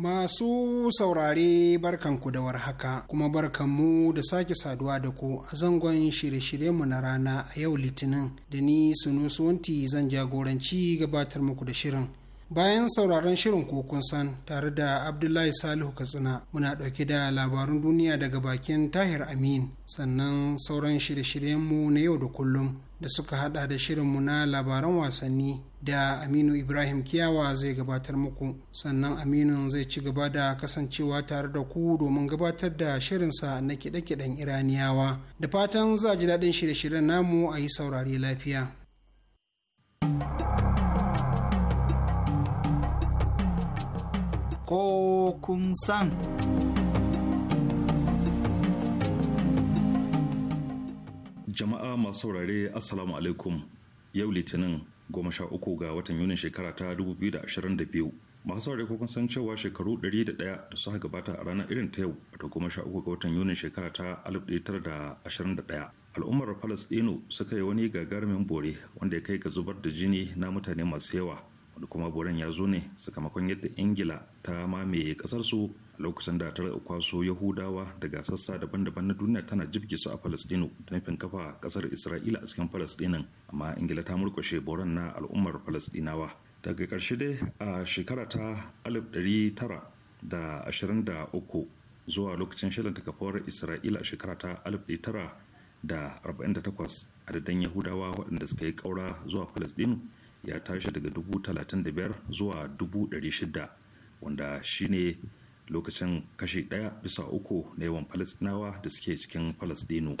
Masu saurare barkanku da warhaka kuma barkanmu da sake saduwa da ku a zangon shirye-shiryenmu na rana a yau litinin da ni sunusunti zan jagoranci gabatar muku da shirin bayan sauraron shirin kun san tare da abdullahi salihu katsina muna ɗauke da labarun duniya daga bakin tahir amin sannan sauran shirye-shiryenmu na yau da kullum da suka hada da shirinmu na labaran wasanni da aminu ibrahim kiyawa zai gabatar muku sannan Aminu zai ci gaba da kasancewa tare da ku domin gabatar da shirinsa na kiɗe-kiɗen iraniyawa da fatan za ji daɗin shirye-shiryen namu a yi saurare lafiya ko kun san. Jama'a masu saurare Assalamu alaikum yau litinin goma sha uku ga watan yunin shekara ta 2022 masu saurare ko kun san cewa shekaru 101 da suka gabata a ranar irin ta yau ta goma sha uku ga watan yunin shekara ta 1921 al'ummar palestino suka yi wani gagarumin bore wanda ya kai ga zubar da jini na mutane masu yawa wanda kuma boren ya zo ne sakamakon yadda ingila ta mamaye kasarsu a lokacin da ta kwaso yahudawa daga sassa daban-daban na duniya tana jibge su a falastinu da nufin kafa kasar isra'ila a cikin falastinin amma ingila ta murkushe boran na al'ummar falastinawa daga karshe dai a shekara ta 1923 zuwa lokacin shirin kafawar isra'ila a shekara ta 1948 adadin yahudawa waɗanda suka yi ƙaura zuwa falastinu ya tashi daga 35,000 zuwa dubu ɗari shida wanda shine lokacin kashi ɗaya bisa uku na yawan falastinawa da suke cikin falastinu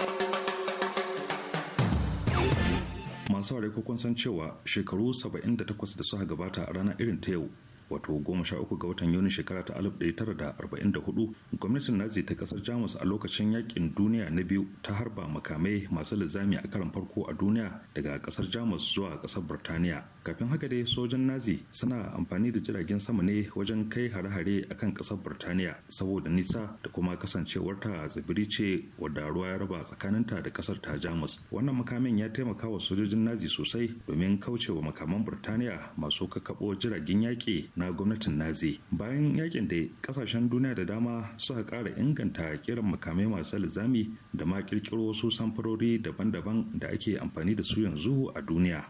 masu ko kun san cewa shekaru 78 da suka gabata a ranar irin ta yau wato 13 ga watan yuni shekara ta 1944 gwamnatin nazi ta kasar jamus a lokacin yakin duniya na biyu ta harba makamai masu lizami a karan farko a duniya daga kasar jamus zuwa kasar burtaniya kafin haka dai sojan nazi suna amfani da jiragen sama ne wajen kai hare-hare a kan kasar burtaniya saboda nisa da kuma kasancewarta tsibiri ce wadda ruwa ya raba tsakaninta da kasar ta jamus wannan makamin ya taimaka wa sojojin nazi sosai domin kaucewa makaman burtaniya masu kakkaɓo jiragen yaƙi na gwamnatin nazi bayan yakin da kasashen duniya da dama suka ƙara inganta kiran makamai masu linzami da ma ƙirƙiro wasu samfurori daban-daban da ake amfani da su yanzu a duniya.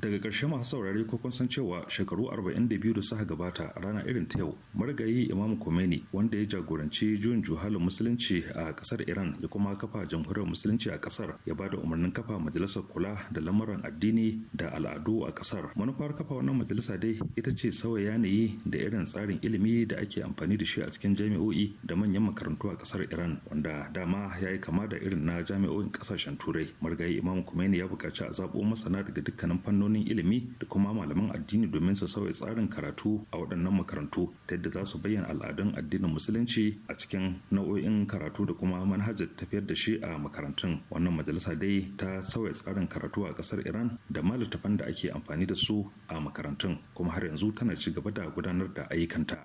daga ƙarshe masu saurare ko kun san cewa shekaru 42 da suka gabata a rana irin ta yau marigayi imam Khomeini wanda ya jagoranci juyin juhalin musulunci a ƙasar iran ya kuma kafa jamhuriyar musulunci a ƙasar ya ba da umarnin kafa majalisar kula da lamuran addini da al'adu a ƙasar manufar kafa wannan majalisa dai ita ce sauya yanayi da irin tsarin ilimi da ake amfani da shi a cikin jami'o'i da manyan makarantu a ƙasar iran wanda dama ya yi kama da irin na jami'o'in ƙasashen turai marigayi imam Khomeini ya buƙaci a zaɓo masana daga dukkanin fannoni fannonin ilimi da kuma malaman addini domin su sauya tsarin karatu a waɗannan makarantu ta yadda za su bayyana al'adun addinin musulunci a cikin nau'o'in karatu da kuma manhajar tafiyar da shi a makarantun wannan majalisa dai ta sauya tsarin karatu a ƙasar iran da ma da ake amfani da su a makarantun kuma har yanzu tana ci gaba da gudanar da ayyukanta.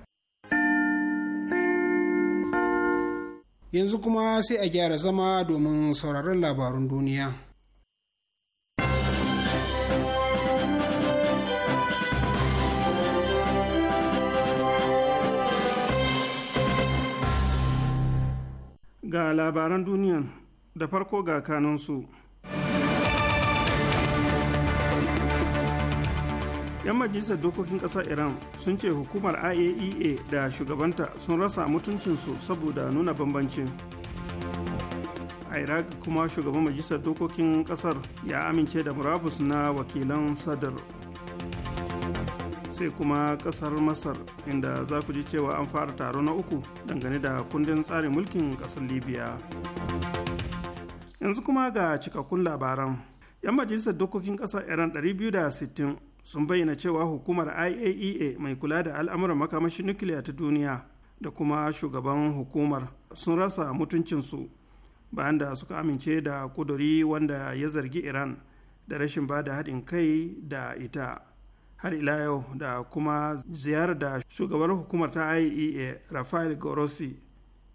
yanzu kuma sai a gyara zama domin sauraron labarun duniya ga labaran duniyan da farko ga kanunsu 'yan majalisar dokokin ƙasar iran sun ce hukumar iaea e da shugabanta sun rasa mutuncinsu saboda nuna bambancin a iraq kuma shugaban majalisar dokokin ƙasar ya amince da murabus na wakilan sadar sai kuma ƙasar masar inda za ku ji cewa an fara taro na uku dangane da kundin tsarin mulkin kasar libya yanzu kuma ga cikakkun labaran 'yan majalisar dokokin kasar iran 260 sun bayyana cewa hukumar iaea e mai kula da al'amuran makamashin nukiliya ta duniya da kuma shugaban hukumar sun rasa mutuncinsu bayan da suka amince da kuduri wanda ya zargi iran da rashin ba da haɗin kai da ita har ila yau da kuma ziyarar da shugabar hukumar ta iaea e rafael grossi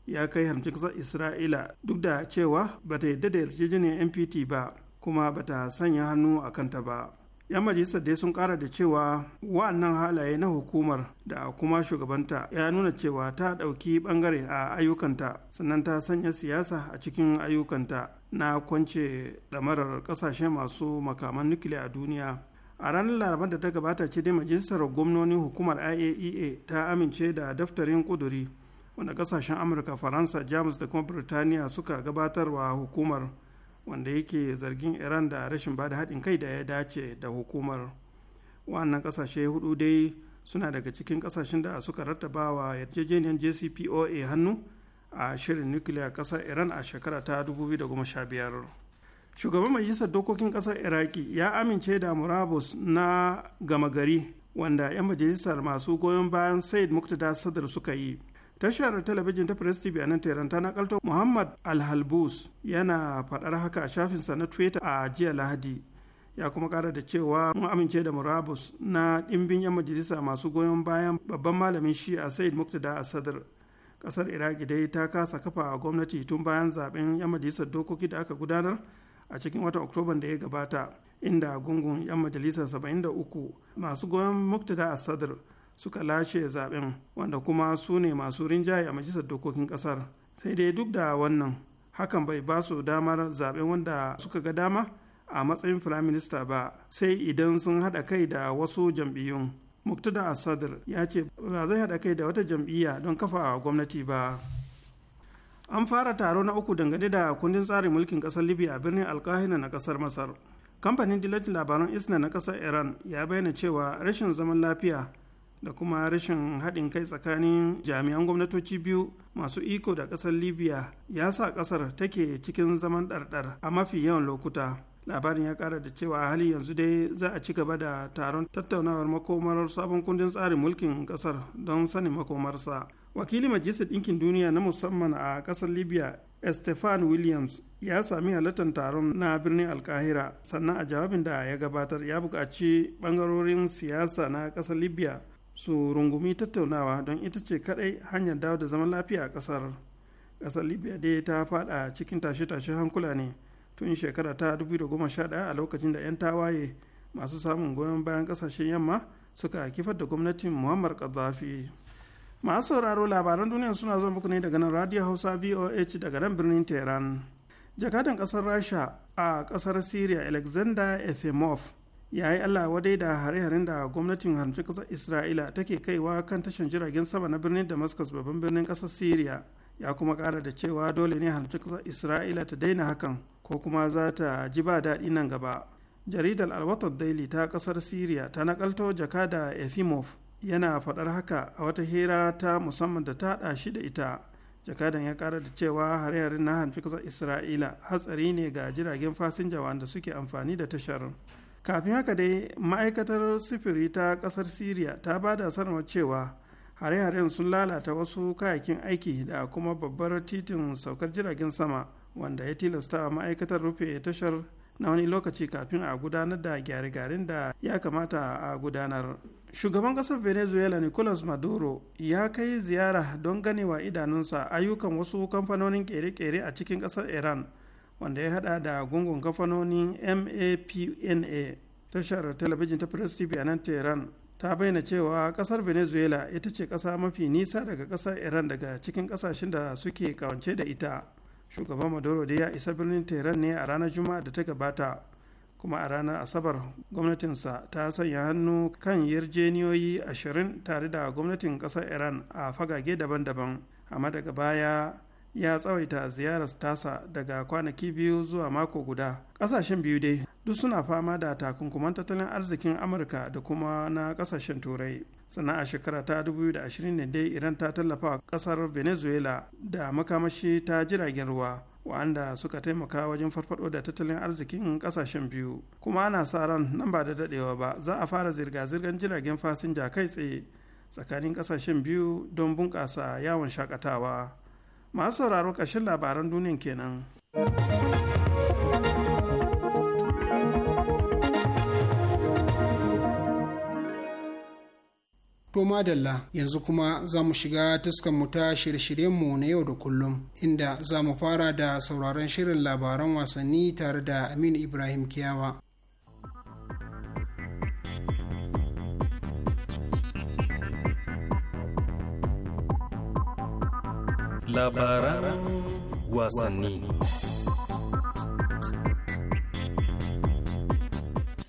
ya kai hamsin ƙasar isra'ila duk da cewa bata yadda da yarjejeniyar npt ba kuma bata sanya hannu a kanta ba 'yan majalisar dai sun kara da cewa wa'annan halaye na hukumar da kuma shugabanta ya nuna cewa ta ɗauki ɓangare a ayyukanta sannan ta sanya siyasa a cikin ayyukanta na kwance ɗamarar ƙasashe masu makaman nukiliya a duniya a ranar larabar da ta gabata ce dai majalisar gwamnonin hukumar iaea e ta amince da daftarin kuduri wanda ƙasashen amurka faransa jamus da kuma birtaniya suka gabatarwa hukumar wanda yake zargin iran da rashin ba da haɗin kai da ya dace da hukumar wannan ƙasashe hudu dai suna daga cikin ƙasashen da suka rattabawa yarjejeniyar jcpoa hannu a shirin nukiliya ƙasar iran a shekara ta 2015 shugaban majalisar dokokin ƙasar iraki ya amince da murabus na gama gari wanda 'yan majalisar masu goyon bayan said muktada sadar suka yi tashar talabijin ta press tv a nan tehran ta nakalto muhammad alhalbus yana faɗar haka a shafinsa na twitter a jiya lahadi ya kuma kara da cewa mun amince da murabus na dimbin 'yan majalisa masu goyon bayan babban malamin shi'a said muktada a sadar kasar iraki dai ta kasa kafa a gwamnati tun bayan zaben 'yan majalisar dokoki da aka gudanar a cikin watan oktoban da ya gabata inda gungun 'yan majalisa 73 masu goyon muktada a sadar suka lashe zaben wanda kuma su ne masu rinjaye a majalisar dokokin kasar sai dai duk da wannan hakan bai ba su damar zaben wanda suka ga dama a matsayin firaminista ba sai idan sun haɗa kai da wasu jam'iyyun muktada asadir ya ce ba zai haɗa kai da wata jam'iyya don kafa gwamnati ba an fara taro na uku dangane da kundin tsarin mulkin kasar libya birnin alkahina na kasar masar kamfanin dillacin labaran isna na kasar iran ya bayyana cewa rashin zaman lafiya da kuma rashin haɗin kai tsakanin jami'an gwamnatoci biyu masu iko da ƙasar libya ya sa ƙasar take cikin zaman ɗarɗar a mafi yawan lokuta labarin ya ƙara da cewa hali yanzu dai za a ci gaba da taron tattaunawar makomar sabon kundin tsarin mulkin ƙasar don sanin makomarsa wakili majalisar ɗinkin duniya na musamman a ƙasar libya stephen williams ya sami halartar taron na birnin alkahira sannan a jawabin da ya gabatar ya buƙaci ɓangarorin siyasa na ƙasar libya su rungumi tattaunawa don ita ce kadai hanyar dawo da zaman lafiya a kasar kasar libya dai ta fada cikin tashe-tashe hankula ne tun shekara ta 2011 a lokacin da 'yan tawaye masu samun goyon bayan kasashen yamma suka kifar da gwamnatin muhammad kazafi masu sauraro labaran duniya suna zuwa muku ne daga nan radio hausa voh daga nan birnin tehran jakadan kasar rasha a kasar syria alexander efimov ya yi allah wadai da hare-haren da gwamnatin haramcin kasar isra'ila take kaiwa kan tashin jiragen sama na birnin damascus babban birnin ƙasar syria ya kuma kara da cewa dole ne haramcin kasar isra'ila ta daina hakan ko kuma za ta ji ba daɗi nan gaba jaridar alwatar daily ta kasar syria ta nakalto jakada efimov yana faɗar haka a wata hira ta musamman da ta haɗa shi da ita jakadan ya kara da cewa hare-haren na haramcin kasar isra'ila hatsari ne ga jiragen fasinja wanda suke amfani da tashar kafin haka dai ma'aikatar sifiri ta kasar syria ta ba da sanarwar cewa hare-haren sun lalata wasu kayakin aiki da kuma babbar titin saukar jiragen sama wanda ya tilasta ma'aikatar rufe tashar na wani lokaci kafin a gudanar da gyare-gyaren da ya kamata a gudanar shugaban kasar venezuela nicolas maduro ya kai ziyara don ganewa idanunsa ayyukan wasu kamfanonin kere-kere a cikin kasar iran wanda ya hada da gungun kafanoni mapna tashar talabijin ta press tv a nan tehran ta bayyana cewa kasar venezuela ita ce kasa mafi nisa daga kasar iran daga cikin kasashen da suke kawance da ita shugaban maduro da ya isa birnin tehran ne a ranar juma'a da ta gabata kuma a ranar asabar gwamnatinsa ta sanya hannu kan yarjeniyoyi ashirin tare da gwamnatin kasar iran a fagage daban-daban amma daga baya ya tsawaita ziyarar tasa daga kwanaki biyu zuwa mako guda ƙasashen biyu dai duk suna fama da takunkuman tattalin arzikin amurka da kuma na ƙasashen turai sannan a shekara ta 2020 dai iran ta tallafa ƙasar venezuela da makamashi ta jiragen ruwa wa'anda suka taimaka wajen farfado da tattalin arzikin kasashen biyu kuma ana sa ran nan ba da dadewa ba za a fara zirga-zirgar jiragen fasinja kai tsaye tsakanin kasashen biyu don bunƙasa yawon shakatawa masu sauraro ƙarshen labaran duniyan kenan. To madalla yanzu kuma za mu shiga mu ta shirye-shiryenmu na yau da kullum inda za mu fara da sauraron shirin labaran wasanni tare da Aminu Ibrahim Kiyawa. labaran wasanni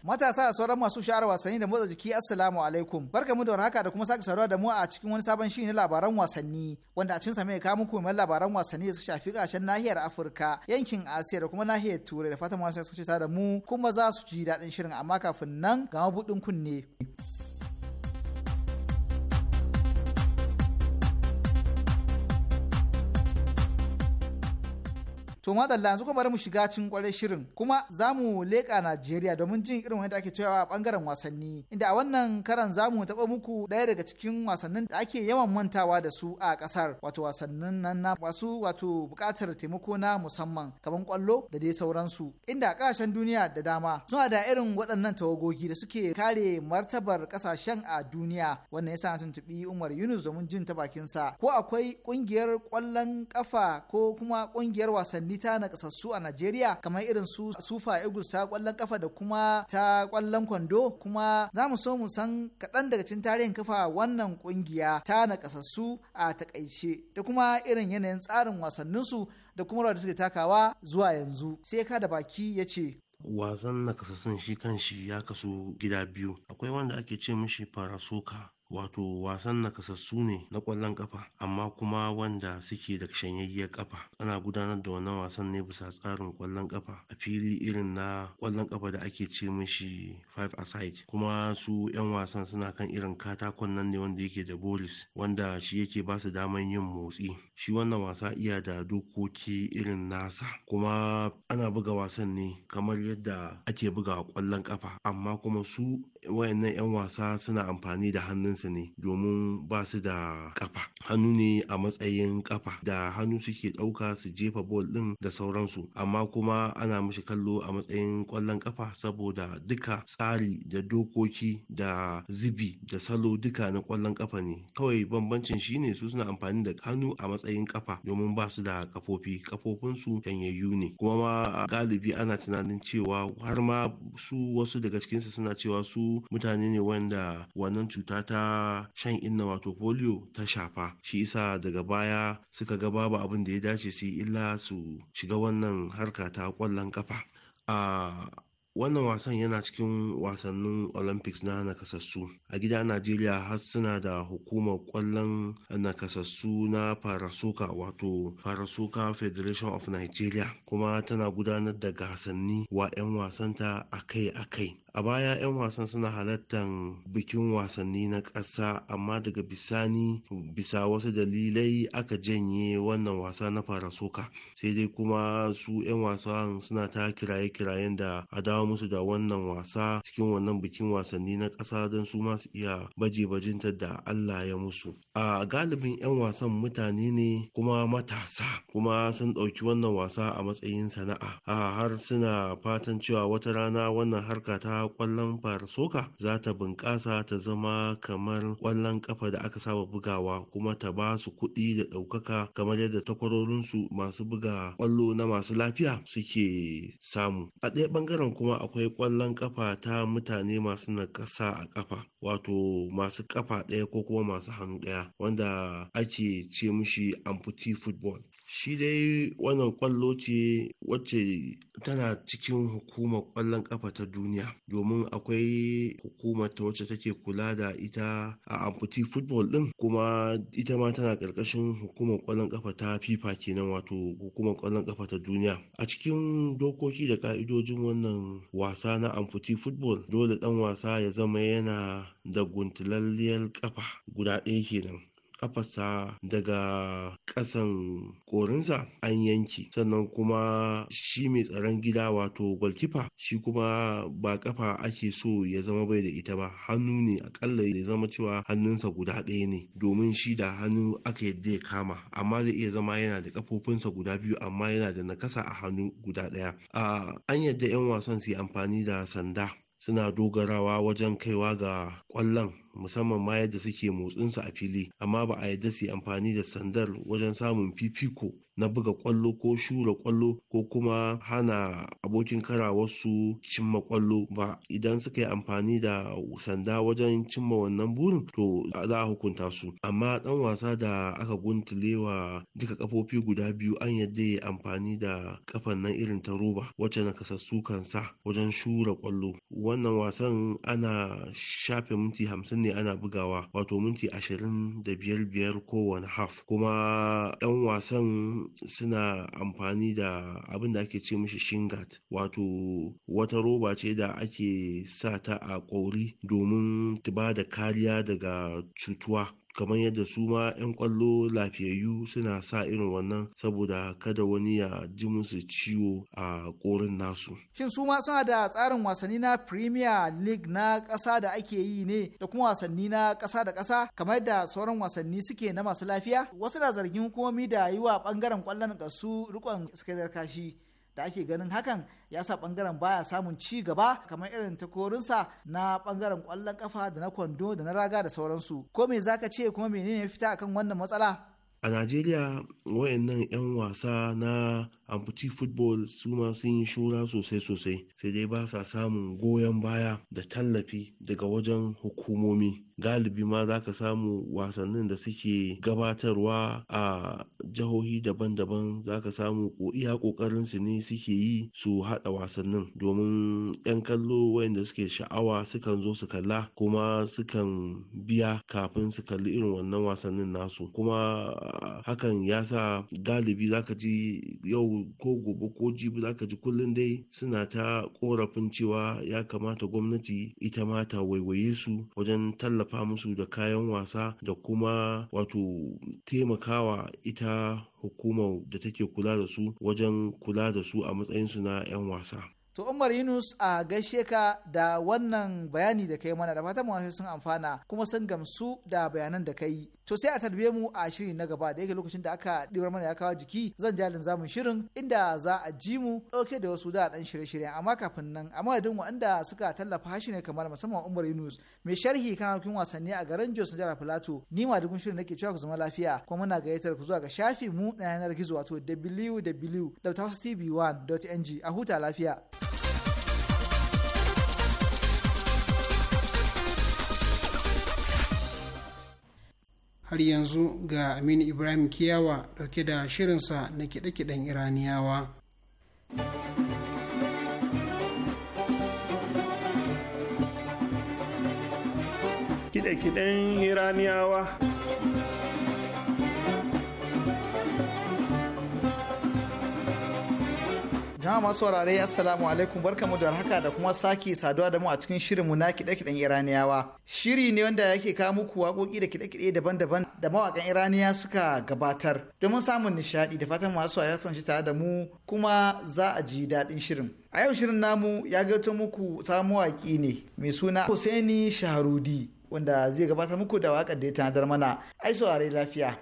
matasa da sauran masu sha'ar wasanni da motsa jiki assalamu alaikum mu da haka da kuma sake saduwa da mu a cikin wani sabon shi na labaran wasanni wanda a cikin sa mai kawo muku mai labaran wasanni da suka shafi kashen nahiyar afirka yankin asiya da kuma nahiyar turai da fatan masu suka ce da mu kuma za su ji daɗin shirin amma kafin nan ga mabuɗin kunne. To dalla yanzu bari mu shiga cikin kwarai shirin kuma za mu leƙa Najeriya domin jin irin wanda ake cewa a ɓangaren wasanni inda a wannan karan za mu taɓa muku daya daga cikin wasannin da ake yawan mantawa da su a ƙasar wato wasannin nan na masu wato buƙatar taimako na musamman kamar ƙwallo da dai sauransu inda ƙasashen duniya da dama suna da irin waɗannan tawagogi da suke kare martabar ƙasashen a duniya wannan yasa na tuntuɓi Umar Yunus domin jin ta bakinsa ko akwai ƙungiyar ƙwallon ƙafa ko kuma ƙungiyar wasanni ta nakasassu a Najeriya kamar irin su Sufa Eagles ta kwallon kafa da kuma ta kwallon kwando kuma za mu so mu san kaɗan daga cikin tarihin kafa wannan kungiya ta nakasassu a takaice da kuma irin yanayin tsarin wasanninsu da kuma rawar da suke takawa zuwa yanzu sai ka da baki ya ce wasan nakasassun shi kanshi ya kasu gida biyu akwai wanda ake ce mishi farasoka wato wasan nakasassu ne na ƙwallon ƙafa amma kuma wanda suke da shanyayyiyar ƙafa ana gudanar da wannan wasan ne bisa tsarin ƙwallon ƙafa a fili irin na ƙwallon ƙafa da ake ce mishi five aside kuma su 'yan wasan suna kan irin katakon nan ne wanda yake da bolis wanda shi yake ba su daman yin motsi shi wannan wasa iya da dokoki irin nasa kuma ana buga wasan ne kamar yadda ake buga ƙwallon ƙafa amma kuma su wayannan 'yan wasa suna amfani da hannun kansa ne domin ba su da kafa hannu ne a matsayin kafa da hannu suke ɗauka su jefa bol ɗin da sauransu amma kuma ana mashi kallo a matsayin ƙwallon kafa saboda duka tsari da dokoki da zibi da salo duka na ƙwallon kafa ne kawai bambancin shine su suna amfani da hannu a matsayin kafa domin ba su da kafofi kafofinsu yanyayyu ne kuma ma galibi ana tunanin cewa har ma su wasu daga cikinsu suna cewa su mutane ne wanda wannan cuta ta shan inna wato polio ta shafa shi isa daga baya suka ga babu abin da ya dace su illa su shiga wannan harka ta kwallon kafa a wannan wasan yana cikin wasannin olympics na nakasassu a gida najeriya har suna da hukumar kwallon nakasassu na farasuka wato farasuka federation of nigeria kuma tana gudanar da gasanni wa 'yan wasanta akai-akai a baya 'yan wasan suna halartar bikin wasanni na ƙasa amma daga bisani bisa wasu dalilai aka janye wannan wasa na farasoka sai dai kuma su 'yan wasan suna ta kiraye-kirayen da a dawo musu da wannan wasa cikin wannan bikin wasanni na ƙasa don su masu iya baje-bajinta da allah ya musu a galibin 'yan wasan mutane ne kuma matasa kuma sun ɗauki wannan wasa a matsayin sana'a har suna fatan cewa wata rana wannan harka ta ta ƙwallon fara soka za ta bunƙasa ta zama kamar ƙwallon ƙafa da aka saba bugawa kuma ta ba su kuɗi da ɗaukaka kamar yadda takwarorinsu masu buga ƙwallo na masu lafiya suke samu a ɗaya ɓangaren kuma akwai kwallon ƙafa ta mutane masu nakasa a ƙafa wato masu ƙafa ɗaya ko kuma masu hannu ɗaya wanda ake ce mishi amputee football shi dai wannan kwallo ce wacce tana cikin hukumar kwallon kafa ta duniya domin akwai hukumar ta wacce take kula da ita a amputi football din kuma ita ma tana karkashin hukumar kwallon kafa ta fifa kenan wato hukumar kwallon kafa ta duniya a cikin dokoki da ƙa'idojin wannan wasa na amputi football dole ɗan wasa ya zama yana da guntulalliyar ƙafa guda ɗaya kenan kafarsa daga ƙasan korinsa an yanki sannan kuma shi mai tsaron gida wato golkifa shi kuma ba kafa ake so ya zama bai da ita ba hannu ne akalla ya zama cewa hannunsa guda ɗaya ne domin shi da hannu aka yadda ya kama amma zai iya zama yana da kafofinsa guda biyu amma yana da nakasa a hannu guda ɗaya ah, an yadda 'yan wasan su yi amfani da sanda suna dogarawa wajen kaiwa ga ƙwallon musamman ma yadda suke motsinsa a fili amma ba a yadda su amfani da sandar wajen samun fifiko na buga kwallo ko shura kwallo ko kuma hana abokin kara wasu cimma kwallo ba idan suka yi amfani da sanda wajen cimma wannan burin to za a hukunta su amma ɗan wasa da aka guntulewa duka kafofi guda biyu an yadda ya amfani da kafan nan irin ta roba wacce na kasassu kan sa wajen shura kwallo wannan wasan ana shafe minti hamsin ne ana bugawa wato minti ashirin da biyar biyar kowane half kuma dan wasan suna amfani da abin da ake ce mishi shingat wato wata roba ce da ake sa ta a ƙauri domin ta ba da kariya daga cutuwa kamar yadda su ma 'yan kwallo lafiyayyu suna sa irin wannan saboda kada wani ya ji musu ciwo a korin nasu shin su ma suna da tsarin wasanni na premier league na ƙasa da ake yi ne da kuma wasanni na ƙasa da ƙasa kamar da sauran wasanni suke na masu lafiya wasu na zargin hukumomi da yi wa ɓangaren kwallon su rikon sakaitar kashi da ake ganin hakan ya sa bangaren baya samun ci gaba kamar irin takorinsa na bangaren kwallon kafa da na kwando da na raga da sauransu ko me zaka ce kuma menene ya fita akan wannan matsala a najeriya wayannan 'yan wasa na amputi football su ma sun yi shura sosai sosai sai dai ba sa samun goyon baya da tallafi daga wajen hukumomi galibi ma za ka samu wasannin da suke gabatarwa a jihohi daban-daban za ka samu iya kokarin su ne suke yi su hada wasannin domin 'yan kallo wayanda suke sha'awa sukan zo su kalla kuma sukan biya kafin su kalli irin wannan wasannin nasu kuma hakan ya sa galibi za ka ji yau ko gobe ko jibi zaka ji kullum dai suna ta korafin cewa ya kamata gwamnati ita ma ta waiwaye su wajen tallafa musu da kayan wasa da kuma wato taimakawa ita hukumar da take kula da su wajen kula da su a matsayinsu na 'yan wasa. To Umar Yunus a gaishe ka da wannan bayani da kai mana da fatan masu sun amfana kuma sun gamsu da bayanan da kai. To sai a tarbe mu a shiri na gaba da yake lokacin da aka ɗibar mana ya kawo jiki zan jalin zamun shirin inda za a ji mu ɗauke da wasu da ɗan shirye-shiryen amma kafin nan amma madadin waɗanda suka tallafa shi ne kamar musamman Umar Yunus mai sharhi kan harkokin wasanni a garin Jos Jara Filato ni ma dukun shirin nake cewa ku zama lafiya kuma muna gayyatar ku zuwa ga shafi mu na yanar gizo wato www.tv1.ng a huta lafiya. har yanzu ga aminu ibrahim kiyawa dauke da shirinsa na kiɗe-kiɗen iraniyawa kiɗe-kiɗen iraniyawa jama'a masu saurare assalamu alaikum barkamu da haka da kuma sake saduwa da mu a cikin shirinmu na kiɗe-kiɗen iraniyawa shiri ne wanda yake kawo muku waƙoƙi da kiɗe-kiɗe daban-daban da mawakan iraniya suka gabatar domin samun nishadi da fatan masu san shi tare da mu kuma za a ji daɗin shirin a yau shirin namu ya gato muku sabon mawaki ne mai suna Hussaini Shaharudi wanda zai gabatar muku da waƙar da ya tanadar mana ai saurare lafiya.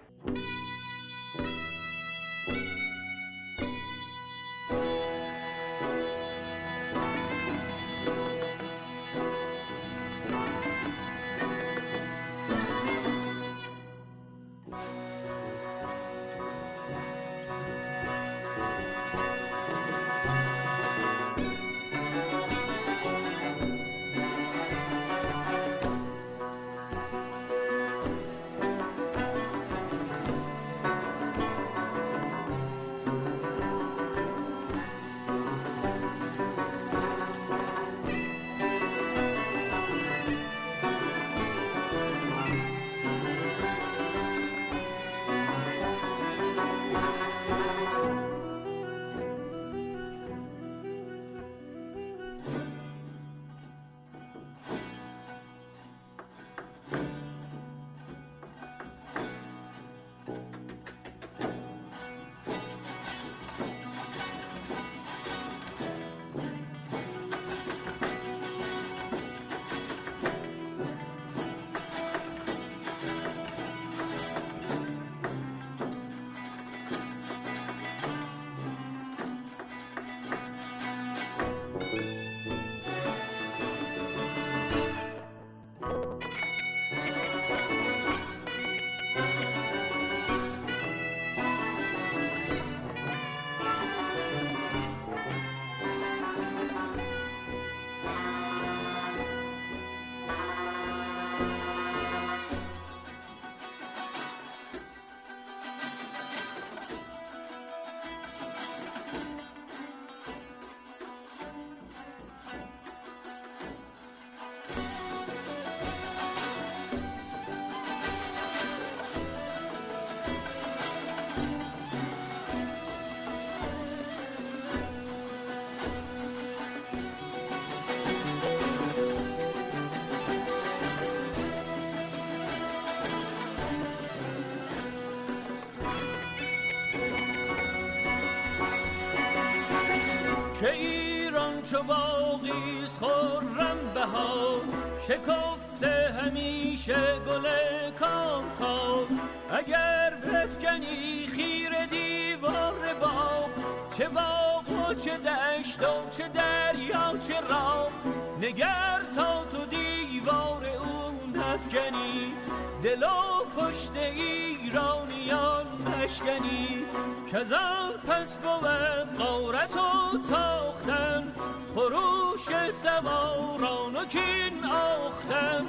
شکفته همیشه گل کام کام اگر بفکنی خیر دیوار باغ چه باغ و چه دشت و چه دریا چه رام نگر تا تو دی افکنی دل و پشت ایرانیان نشکنی کزا پس بود قارت و تاختن خروش سواران و کین آختن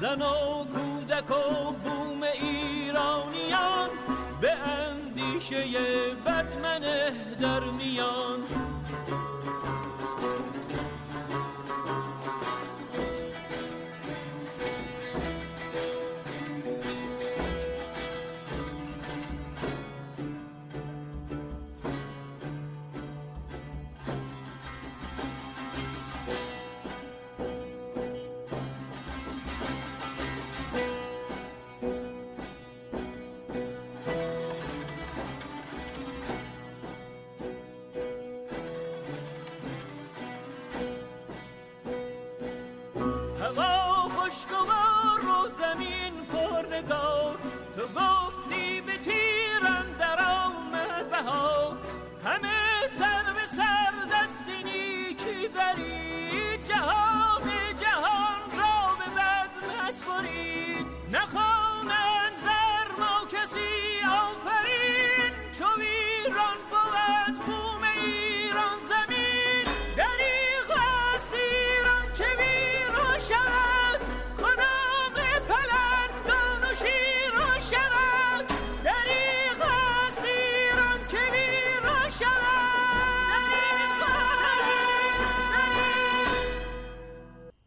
زن و کودک و بوم ایرانیان به اندیشه بدمنه در میان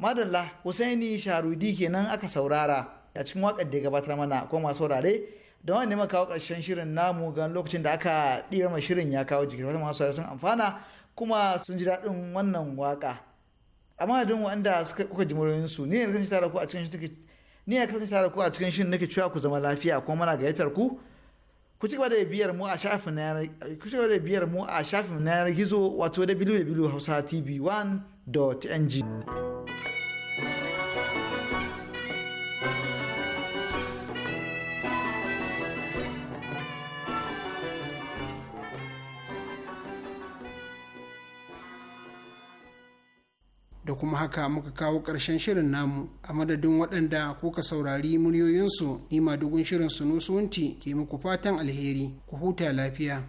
madalla husaini sharudi kenan aka saurara a cikin wakar da ya gabatar mana ko masu saurare da wani ma kawo ƙarshen shirin namu gan lokacin da aka ɗira mai shirin ya kawo jikin wata masu saurare sun amfana kuma sun ji daɗin wannan waka amma da wanda suka kuka ji muryoyin su ne ne kasance tare ku a cikin shi ni ne kasance tare ku a cikin shirin nake cewa ku zama lafiya kuma muna gayyatar ku ku ci gaba da biyar mu a shafin na ku ci gaba da biyar mu a shafin na gizo wato www.hausatv1.ng da kuma haka muka kawo ƙarshen shirin namu a madadin waɗanda kuka saurari muryoyinsu nima dugun shirin sunusunti ke muku fatan alheri ku huta lafiya